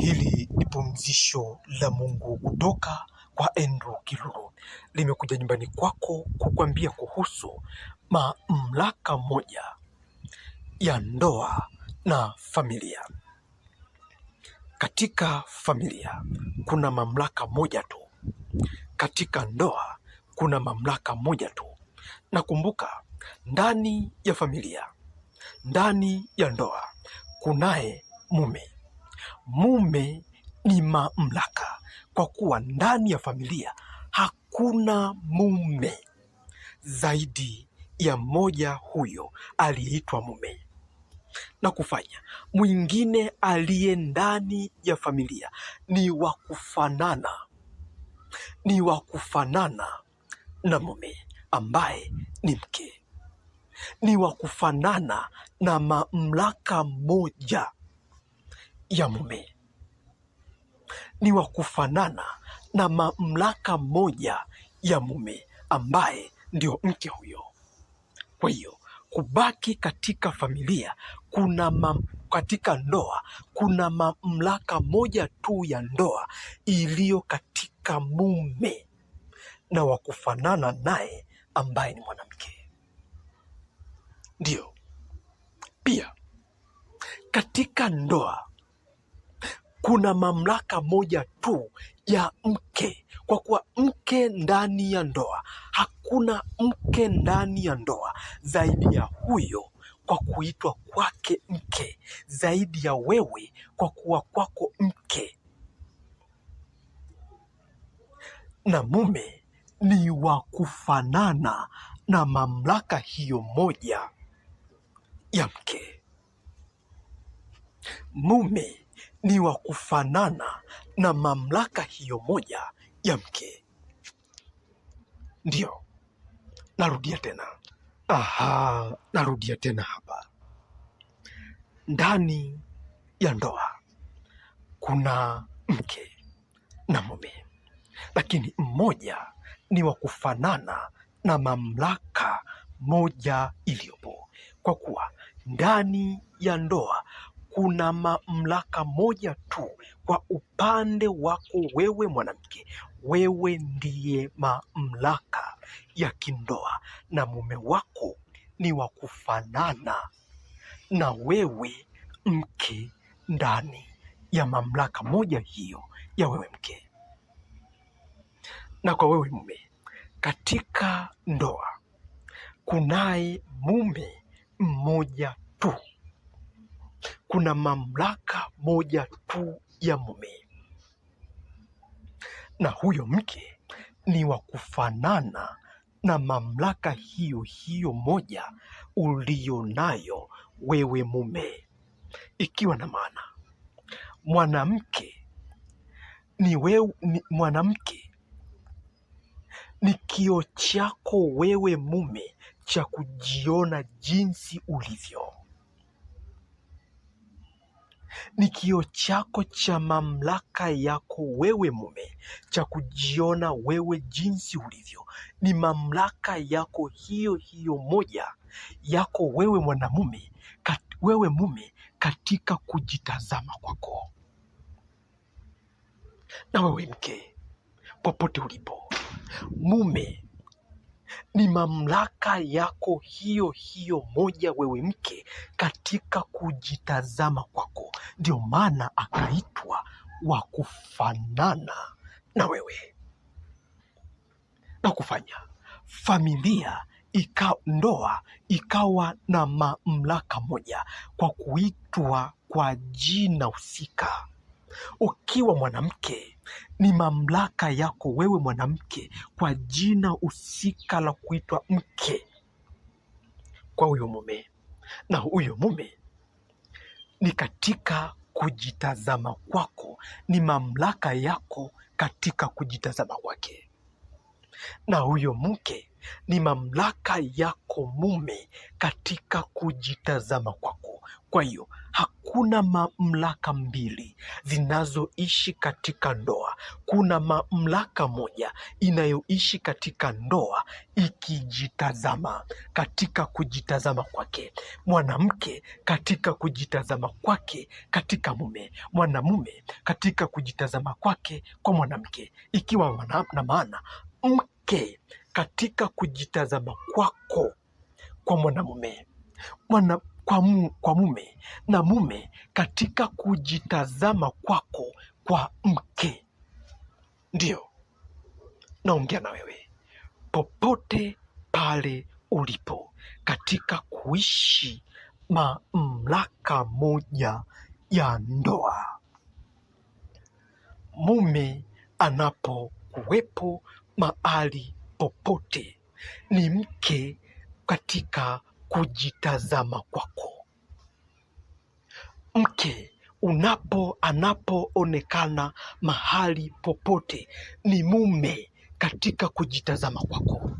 Hili ni pumzisho la Mungu kutoka kwa Andrew Kiruru, limekuja nyumbani kwako kukwambia kuhusu mamlaka moja ya ndoa na familia. Katika familia kuna mamlaka moja tu, katika ndoa kuna mamlaka moja tu. Na kumbuka, ndani ya familia, ndani ya ndoa kunaye mume mume ni mamlaka, kwa kuwa ndani ya familia hakuna mume zaidi ya mmoja huyo aliyeitwa mume, na kufanya mwingine aliye ndani ya familia ni wa kufanana ni wa kufanana na mume ambaye ni mke, ni wa kufanana na mamlaka moja ya mume ni wa kufanana na mamlaka moja ya mume ambaye ndio mke huyo. Kwa hiyo kubaki katika familia kuna mam, katika ndoa kuna mamlaka moja tu ya ndoa iliyo katika mume na wa kufanana naye ambaye ni mwanamke. Ndiyo, pia katika ndoa kuna mamlaka moja tu ya mke, kwa kuwa mke ndani ya ndoa, hakuna mke ndani ya ndoa zaidi ya huyo kwa kuitwa kwake mke, zaidi ya wewe kwa kuwa kwako mke. Na mume ni wa kufanana na mamlaka hiyo moja ya mke. Mume ni wa kufanana na mamlaka hiyo moja ya mke. Ndiyo, narudia tena. Aha, narudia tena hapa. Ndani ya ndoa kuna mke na mume, lakini mmoja ni wa kufanana na mamlaka moja iliyopo, kwa kuwa ndani ya ndoa kuna mamlaka moja tu kwa upande wako wewe mwanamke. Wewe ndiye mamlaka ya kindoa na mume wako ni wa kufanana na wewe mke ndani ya mamlaka moja hiyo ya wewe mke. Na kwa wewe mume, katika ndoa kunaye mume mmoja tu kuna mamlaka moja tu ya mume, na huyo mke ni wa kufanana na mamlaka hiyo hiyo moja nayo wewe mume, ikiwa na maana mwanamke ni wewe, ni mwanamke ni kio chako wewe mume cha kujiona jinsi ulivyo ni kioo chako cha mamlaka yako wewe mume, cha kujiona wewe jinsi ulivyo. Ni mamlaka yako hiyo hiyo moja yako wewe mwanamume, kat, wewe mume katika kujitazama kwako. Na wewe mke, popote ulipo mume ni mamlaka yako hiyo hiyo moja, wewe mke, katika kujitazama kwako. Ndio maana akaitwa wa kufanana na wewe na kufanya familia ika ndoa ikawa na mamlaka moja kwa kuitwa kwa jina husika. Ukiwa mwanamke ni mamlaka yako wewe mwanamke, kwa jina husika la kuitwa mke kwa huyo mume, na huyo mume ni katika kujitazama kwako, ni mamlaka yako katika kujitazama kwake, na huyo mke ni mamlaka yako mume katika kujitazama kwako. Kwa hiyo Hakuna mamlaka mbili zinazoishi katika ndoa. Kuna mamlaka moja inayoishi katika ndoa ikijitazama, katika kujitazama kwake mwanamke, katika kujitazama kwake katika mume, mwanamume katika kujitazama kwake kwa mwanamke, ikiwa na maana mke katika kujitazama kwako kwa mwanamume mwana kwa, mu, kwa mume na mume katika kujitazama kwako kwa mke. Ndiyo naongea na wewe popote pale ulipo katika kuishi mamlaka moja ya ndoa. Mume anapokuwepo mahali popote, ni mke katika kujitazama kwako. Mke unapo anapoonekana mahali popote ni mume katika kujitazama kwako,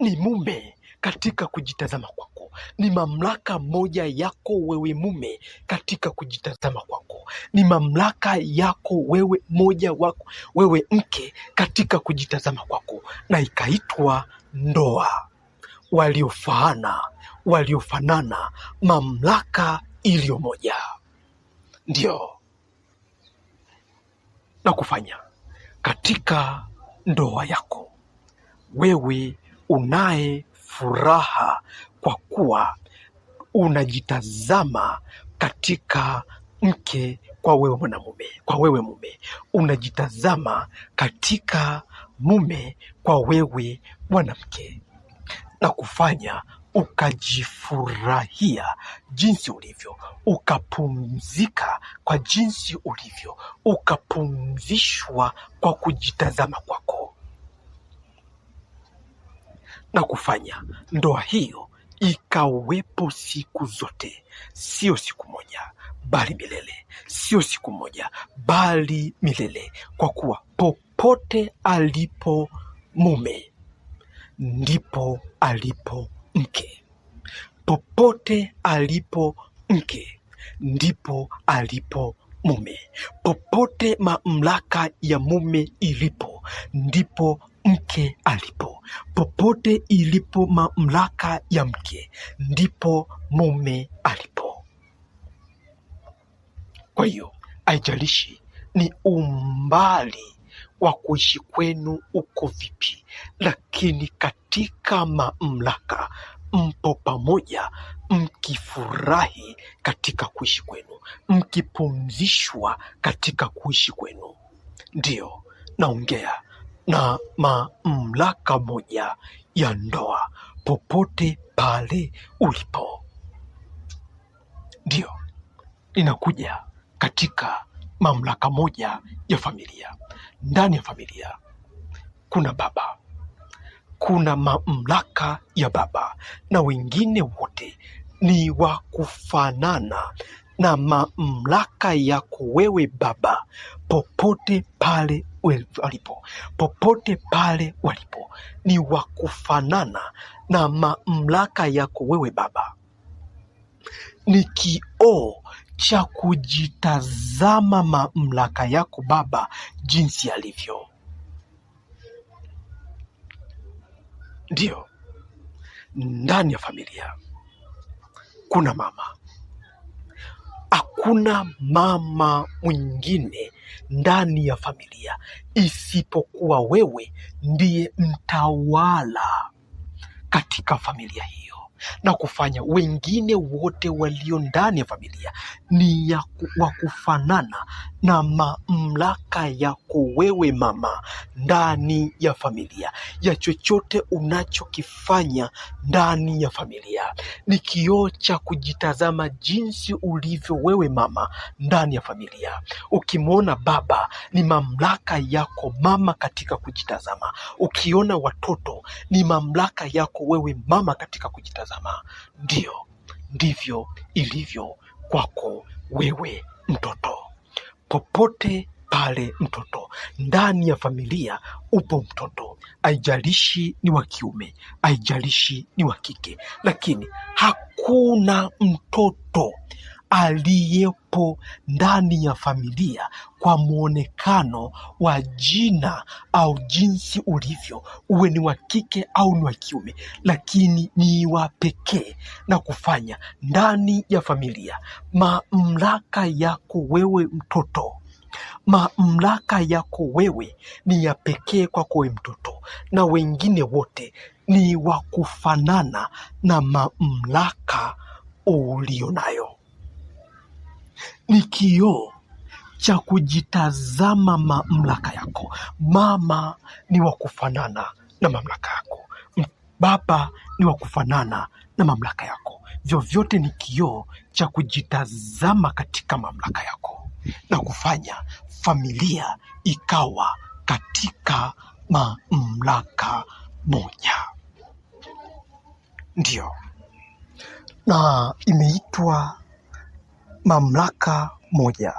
ni mume katika kujitazama kwako, ni mamlaka moja yako wewe mume katika kujitazama kwako, ni mamlaka yako wewe moja wako wewe mke katika kujitazama kwako, na ikaitwa ndoa waliofaana, waliofanana, mamlaka iliyo moja, ndio na kufanya katika ndoa yako wewe unaye furaha kwa kuwa unajitazama katika mke, kwa wewe mwanamume, kwa wewe mume, unajitazama katika mume, kwa wewe mwanamke na kufanya ukajifurahia jinsi ulivyo, ukapumzika kwa jinsi ulivyo, ukapumzishwa kwa kujitazama kwako, na kufanya ndoa hiyo ikawepo siku zote, sio siku moja bali milele, sio siku moja bali milele, kwa kuwa popote alipo mume ndipo alipo mke. Popote alipo mke, ndipo alipo mume. Popote mamlaka ya mume ilipo, ndipo mke alipo. Popote ilipo mamlaka ya mke, ndipo mume alipo. Kwa hiyo haijalishi ni umbali wa kuishi kwenu uko vipi, lakini lakini katika mamlaka mpo pamoja mkifurahi katika kuishi kwenu, mkipumzishwa katika kuishi kwenu. Ndiyo, naongea na mamlaka moja ya ndoa popote pale ulipo. Ndiyo, inakuja katika mamlaka moja ya familia. Ndani ya familia kuna baba kuna mamlaka ya Baba na wengine wote ni wa kufanana na mamlaka yako wewe Baba popote pale walipo, popote pale walipo ni wa kufanana na mamlaka yako wewe Baba. Ni kioo cha kujitazama mamlaka yako Baba jinsi yalivyo. Ndiyo, ndani ya familia kuna mama. Hakuna mama mwingine ndani ya familia isipokuwa wewe ndiye mtawala katika familia hiyo na kufanya wengine wote walio ndani ya familia ni ya wa kufanana na mamlaka yako wewe mama ndani ya familia, ya chochote unachokifanya ndani ya familia. Ni kioo cha kujitazama jinsi ulivyo wewe mama ndani ya familia. Ukimwona baba, ni mamlaka yako mama katika kujitazama. Ukiona watoto, ni mamlaka yako wewe mama katika kujitazama. Ndio ndivyo ilivyo kwako wewe mtoto, popote pale mtoto, ndani ya familia upo mtoto, aijalishi ni wa kiume, aijalishi ni wa kike, lakini hakuna mtoto aliyepo ndani ya familia kwa mwonekano wa jina au jinsi ulivyo, uwe ni wa kike au ni wa kiume, lakini ni wa pekee na kufanya ndani ya familia mamlaka yako wewe mtoto mamlaka yako wewe ni ya pekee kwako wewe mtoto, na wengine wote ni wa kufanana na mamlaka ulionayo ni kioo cha kujitazama mamlaka yako. Mama ni wa kufanana na mamlaka yako, baba ni wa kufanana na mamlaka yako. Vyovyote ni kioo cha kujitazama katika mamlaka yako na kufanya familia ikawa katika mamlaka moja, ndio na imeitwa mamlaka moja,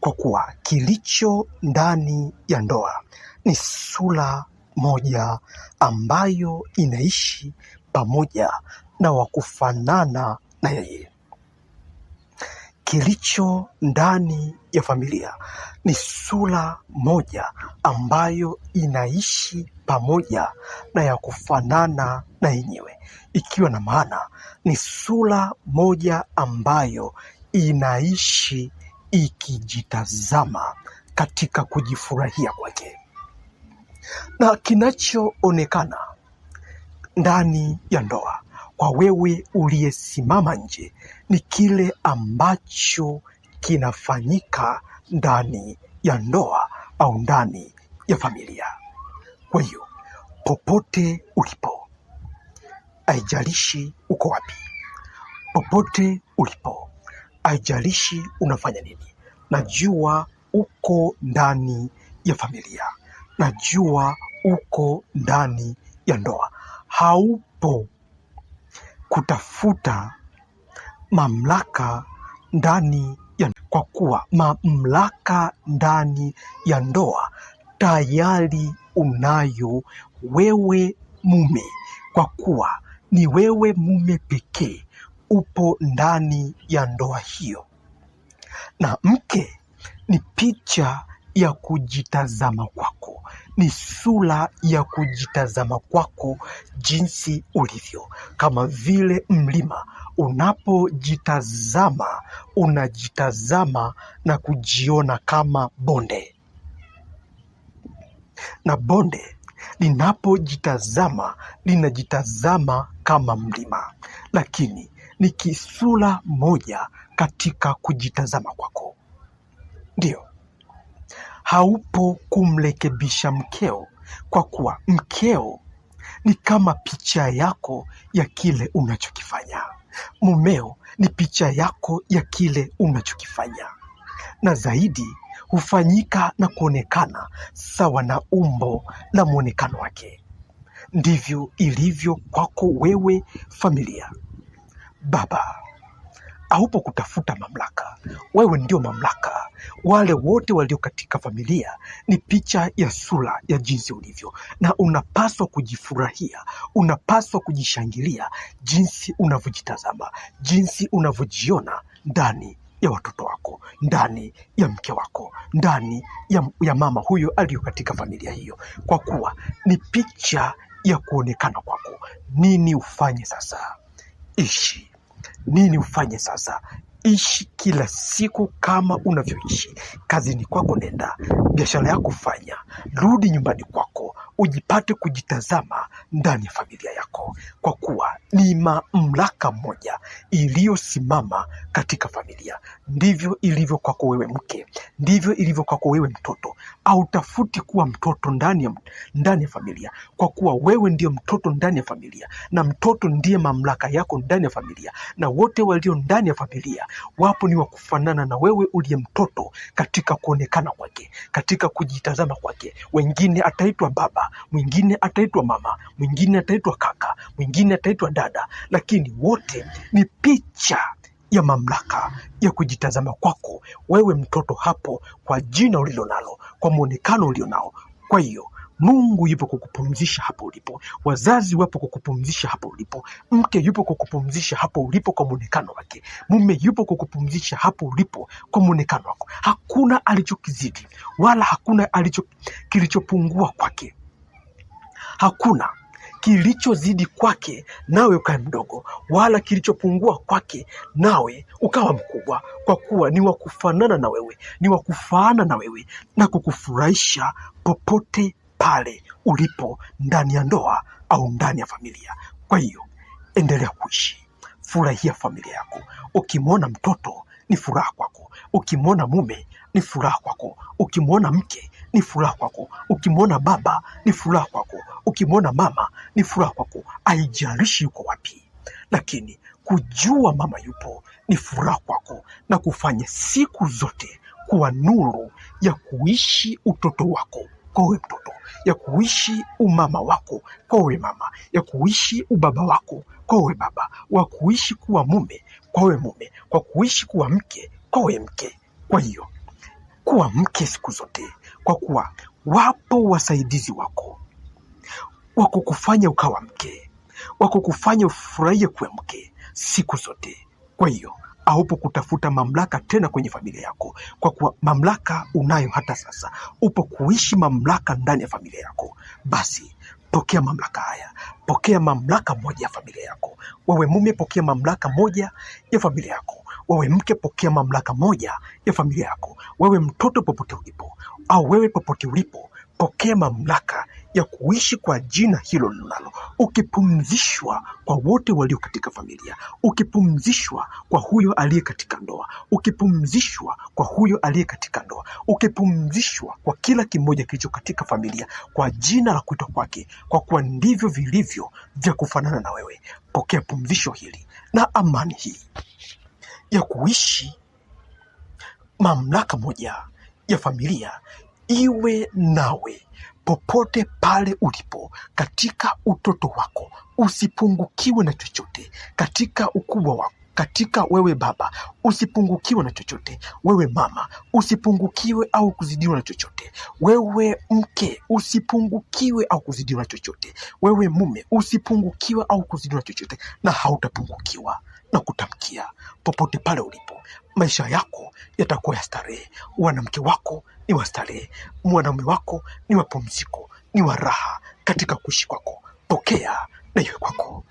kwa kuwa kilicho ndani ya ndoa ni sura moja ambayo inaishi pamoja na wakufanana na yeye. Kilicho ndani ya familia ni sura moja ambayo inaishi pamoja na ya kufanana na yenyewe, ikiwa na maana ni sura moja ambayo inaishi ikijitazama katika kujifurahia kwake, na kinachoonekana ndani ya ndoa kwa wewe uliyesimama nje ni kile ambacho kinafanyika ndani ya ndoa au ndani ya familia. Kwa hiyo popote ulipo, haijalishi uko wapi, popote ulipo haijalishi unafanya nini. Najua uko ndani ya familia, najua uko ndani ya ndoa. Haupo kutafuta mamlaka ndani ya, kwa kuwa mamlaka ndani ya ndoa tayari unayo wewe mume, kwa kuwa ni wewe mume pekee upo ndani ya ndoa hiyo, na mke ni picha ya kujitazama kwako, ni sura ya kujitazama kwako jinsi ulivyo, kama vile mlima. Unapojitazama unajitazama na kujiona kama bonde, na bonde linapojitazama linajitazama kama mlima, lakini ni kisura moja katika kujitazama kwako. Ndiyo, haupo kumrekebisha mkeo, kwa kuwa mkeo ni kama picha yako ya kile unachokifanya. Mumeo ni picha yako ya kile unachokifanya, na zaidi hufanyika na kuonekana sawa na umbo la mwonekano wake. Ndivyo ilivyo kwako wewe, familia. Baba, haupo kutafuta mamlaka, wewe ndio mamlaka. Wale wote walio katika familia ni picha ya sura ya jinsi ulivyo, na unapaswa kujifurahia, unapaswa kujishangilia jinsi unavyojitazama, jinsi unavyojiona ndani ya watoto wako, ndani ya mke wako, ndani ya, ya mama huyo aliyo katika familia hiyo, kwa kuwa ni picha ya kuonekana kwako. Nini ufanye sasa? Ishi nini ufanye sasa? ishi kila siku kama unavyoishi. Kazini kwako nenda, biashara yako fanya, rudi nyumbani kwako, ujipate kujitazama ndani ya familia yako, kwa kuwa ni mamlaka moja iliyosimama katika familia. Ndivyo ilivyo kwako wewe mke, ndivyo ilivyo kwako wewe mtoto. Hautafuti kuwa mtoto ndani ya, ndani ya familia, kwa kuwa wewe ndiyo mtoto ndani ya familia, na mtoto ndiye mamlaka yako ndani ya familia, na wote walio ndani ya familia wapo ni wa kufanana na wewe uliye mtoto katika kuonekana kwake, katika kujitazama kwake. Wengine ataitwa baba, mwingine ataitwa mama, mwingine ataitwa kaka, mwingine ataitwa dada, lakini wote ni picha ya mamlaka ya kujitazama kwako wewe mtoto hapo, kwa jina ulilo nalo, kwa mwonekano ulio nao. Kwa hiyo Mungu yupo kukupumzisha hapo ulipo, wazazi wapo kukupumzisha hapo ulipo, mke yupo kukupumzisha hapo ulipo kwa mwonekano wake, mume yupo kukupumzisha hapo ulipo kwa mwonekano wako. Hakuna alichokizidi wala hakuna alicho kilichopungua kwake, hakuna kilichozidi kwake nawe ukawe mdogo, wala kilichopungua kwake nawe ukawa mkubwa, kwa kuwa ni wa kufanana na wewe, ni wa kufaana na wewe na kukufurahisha popote pale ulipo ndani ya ndoa au ndani ya familia. Kwa hiyo endelea kuishi, furahia familia yako. Ukimwona mtoto ni furaha kwako, ukimwona mume ni furaha kwako, ukimwona mke ni furaha kwako, ukimwona baba ni furaha kwako, ukimwona mama ni furaha kwako, haijalishi yuko wapi. Lakini kujua mama yupo ni furaha kwako, na kufanya siku zote kuwa nuru ya kuishi utoto wako. Kwa wewe mtoto ya kuishi umama wako kwa we mama, ya kuishi ubaba wako kwa we baba, wa kuishi kuwa mume kwa we mume, kwa kuishi kuwa mke kwa we mke. Kwa hiyo kuwa mke siku zote, kwa kuwa wapo wasaidizi wako wako kufanya ukawa mke, wako kufanya ufurahie kuwa mke siku zote. Kwa hiyo aupo kutafuta mamlaka tena kwenye familia yako, kwa kuwa mamlaka unayo hata sasa. Upo kuishi mamlaka ndani ya familia yako. Basi pokea mamlaka haya, pokea mamlaka moja ya familia yako. Wewe mume, pokea mamlaka moja ya familia yako. Wewe mke, pokea mamlaka moja ya familia yako. Wewe mtoto, popote ulipo, au wewe popote ulipo, pokea mamlaka ya kuishi kwa jina hilo linalo, ukipumzishwa kwa wote walio katika familia, ukipumzishwa kwa huyo aliye katika ndoa, ukipumzishwa kwa huyo aliye katika ndoa, ukipumzishwa kwa kila kimoja kilicho katika familia kwa jina la kuitwa kwake, kwa kuwa ndivyo vilivyo vya kufanana na wewe. Pokea pumzisho hili na amani hii ya kuishi mamlaka moja ya familia iwe nawe popote pale ulipo katika utoto wako, usipungukiwe na chochote katika ukubwa wako katika wewe baba usipungukiwe na chochote, wewe mama usipungukiwe au kuzidiwa na chochote, wewe mke usipungukiwe au kuzidiwa na chochote, wewe mume usipungukiwe au kuzidiwa na chochote, na hautapungukiwa na kutamkia popote pale ulipo. Maisha yako yatakuwa ya starehe, wanamke wako ni wa starehe, mwanaume wako ni wa pumziko, ni wa raha katika kuishi kwako. Pokea na iwe kwako.